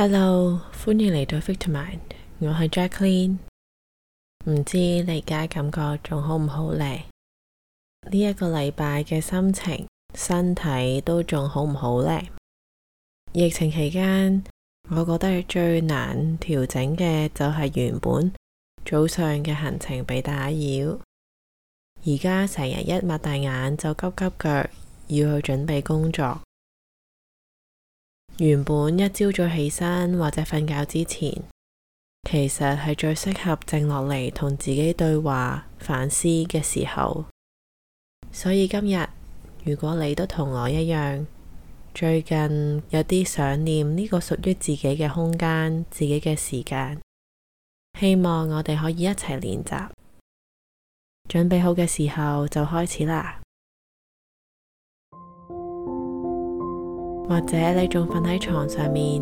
Hello，歡迎嚟到 Vitamind 我係 Jaclyn 唔知你而家感覺仲好唔好呢？呢、這、一個禮拜嘅心情、身體都仲好唔好呢？疫情期間，我覺得最難調整嘅就係原本早上嘅行程被打擾，而家成日一擘大眼就急急腳要去準備工作。原本一朝早起身或者瞓覺之前，其實係最適合靜落嚟同自己對話、反思嘅時候。所以今日，如果你都同我一樣，最近有啲想念呢個屬於自己嘅空間、自己嘅時間，希望我哋可以一齊練習。準備好嘅時候就開始啦。或者你仲瞓喺床上面，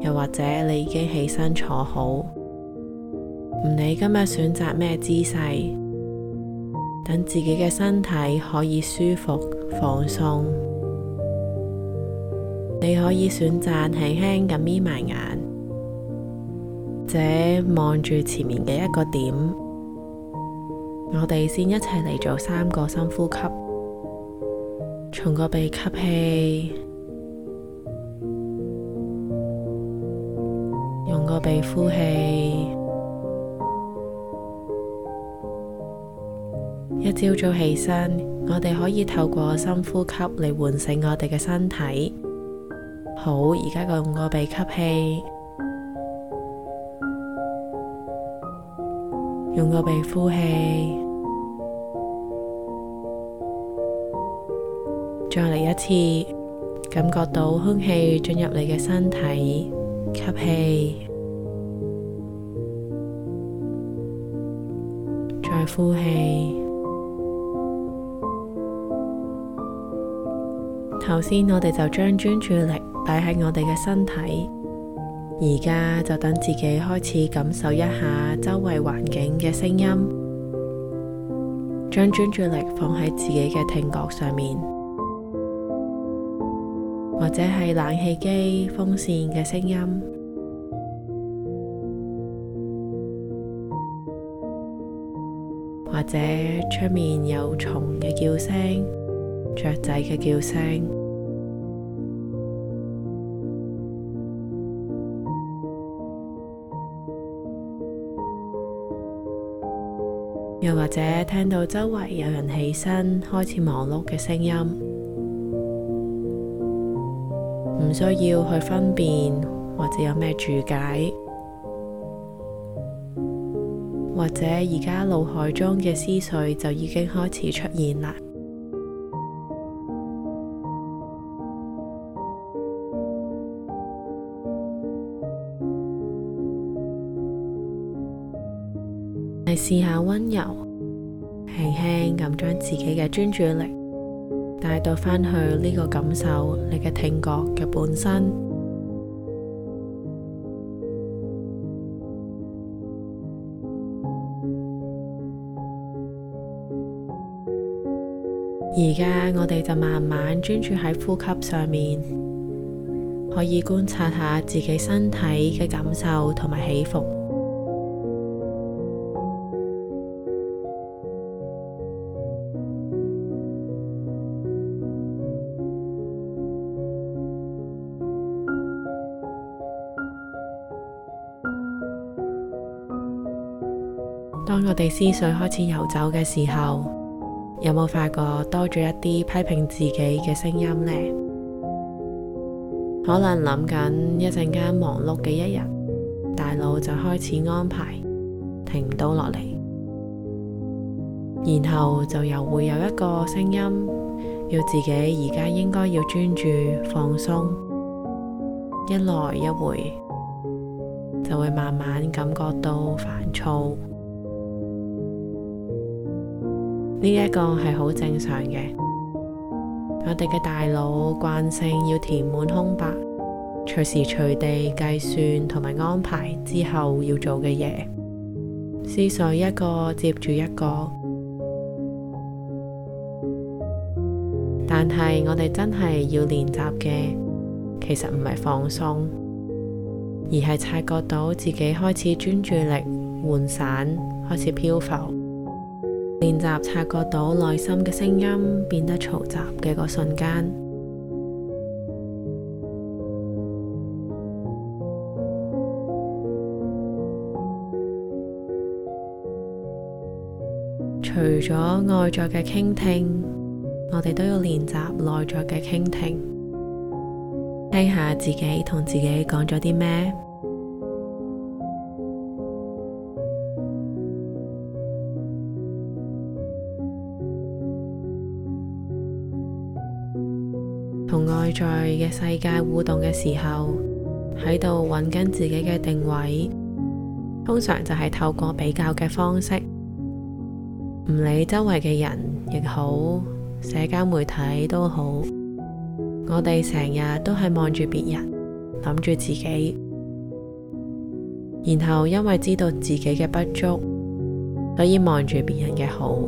又或者你已經起身坐好，唔理今日選擇咩姿勢，等自己嘅身體可以舒服放鬆，你可以選擇輕輕咁眯埋眼，或者望住前面嘅一個點。我哋先一齊嚟做三個深呼吸。從個鼻吸氣，用個鼻呼氣。一朝早起身，我哋可以透過深呼吸嚟喚醒我哋嘅身體。好，而家用個鼻吸氣，用個鼻呼氣。再嚟一次，感覺到空氣進入你嘅身體，吸氣，再呼氣。頭先我哋就將專注力帶喺我哋嘅身體，而家就等自己開始感受一下周圍環境嘅聲音，將專注力放喺自己嘅聽覺上面。或者係冷氣機、風扇嘅聲音，或者出面有蟲嘅叫聲、雀仔嘅叫聲，又或者聽到周圍有人起身開始忙碌嘅聲音。唔需要去分辨，或者有咩註解，或者而家腦海中嘅思緒就已經開始出現啦。你試 下溫柔，輕輕咁將自己嘅專注力。帶到返去呢個感受，你嘅聽覺嘅本身。而家我哋就慢慢專注喺呼吸上面，可以觀察下自己身體嘅感受同埋起伏。地思緒開始游走嘅時候，有冇發覺多咗一啲批評自己嘅聲音呢？可能諗緊一陣間忙碌嘅一日，大腦就開始安排，停唔到落嚟，然後就又會有一個聲音要自己而家應該要專注放鬆，一來一回就會慢慢感覺到煩躁。呢一個係好正常嘅，我哋嘅大腦慣性要填滿空白，隨時隨地計算同埋安排之後要做嘅嘢，思緒一個接住一個。但係我哋真係要練習嘅，其實唔係放鬆，而係察覺到自己開始專注力渙散，開始漂浮。練習察覺到內心嘅聲音變得嘈雜嘅嗰瞬間，除咗外在嘅傾聽，我哋都要練習內在嘅傾聽，聽下自己同自己講咗啲咩。在嘅世界互動嘅時候，喺度揾緊自己嘅定位，通常就係透過比較嘅方式，唔理周圍嘅人亦好，社交媒體都好，我哋成日都係望住別人諗住自己，然後因為知道自己嘅不足，所以望住別人嘅好，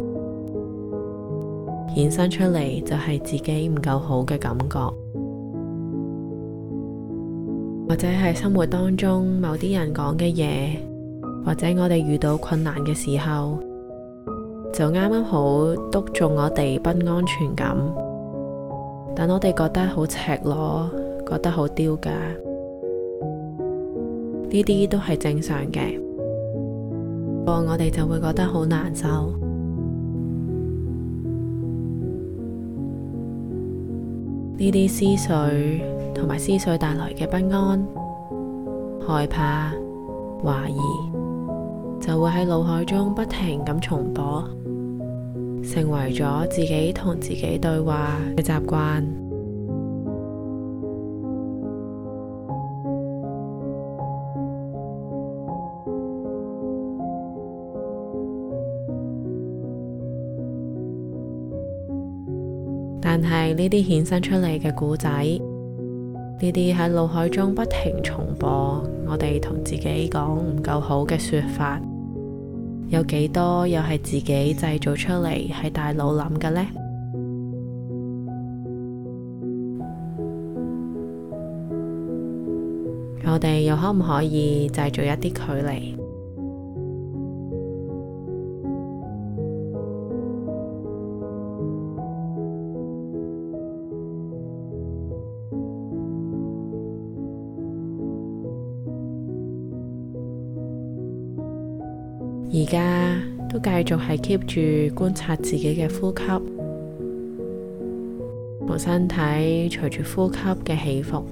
衍生出嚟就係自己唔夠好嘅感覺。或者係生活當中某啲人講嘅嘢，或者我哋遇到困難嘅時候，就啱啱好督中我哋不安全感，等我哋覺得好赤裸，覺得好丟架，呢啲都係正常嘅，不過我哋就會覺得好難受。呢啲思緒同埋思緒帶來嘅不安、害怕、懷疑，就會喺腦海中不停咁重播，成為咗自己同自己對話嘅習慣。呢啲衍生出嚟嘅故仔，呢啲喺腦海中不停重播，我哋同自己講唔夠好嘅說法，有幾多又係自己製造出嚟喺大腦諗嘅咧？我哋又可唔可以製造一啲距離？而家都繼續係 keep 住觀察自己嘅呼吸，同身體隨住呼吸嘅起伏，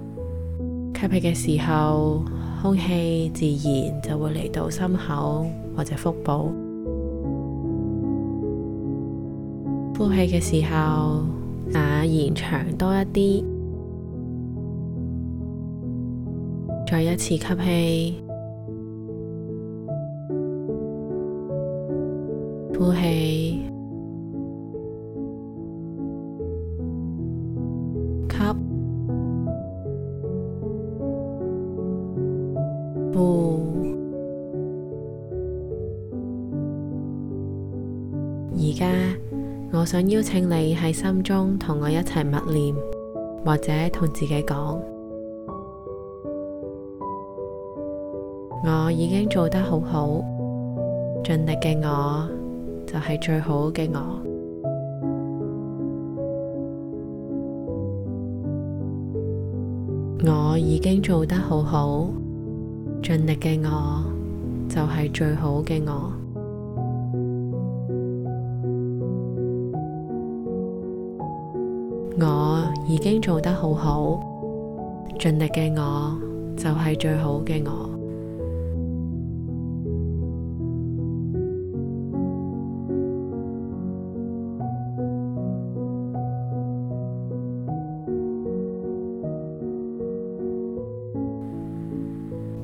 吸氣嘅時候，空氣自然就會嚟到心口或者腹部，呼氣嘅時候，啊，延長多一啲，再一次吸氣。呼氣，吸，呼，而家，我想邀請你喺心中同我一齊默念，或者同自己講，我已經做得好好，盡力嘅我。就係最好嘅我，我已經做得好好，盡力嘅我，就係最好嘅我。我已經做得好好，盡力嘅我，我，就係最好嘅我。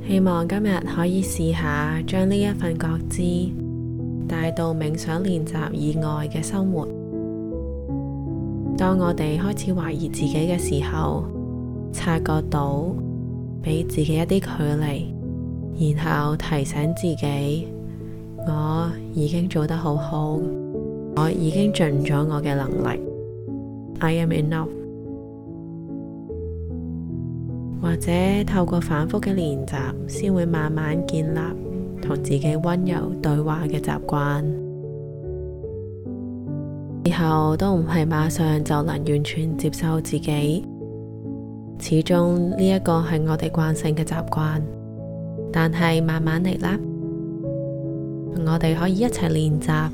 希望今日可以試下將呢份覺知帶到冥想練習以外嘅生活。當我哋開始懷疑自己嘅時候，察覺到俾自己一啲距離，然後提醒自己：我已經做得好好，我已經盡咗我嘅能力。I am enough。或者透過反覆嘅練習，先會慢慢建立同自己温柔對話嘅習慣。以後都唔係馬上就能完全接受自己，始終呢一個係我哋慣性嘅習慣。但係慢慢嚟啦，我哋可以一齊練習，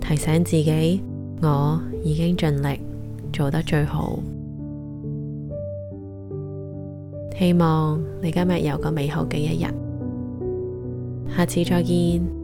提醒自己，我已經盡力做得最好。希望你今日有個美好嘅一日，下次再見。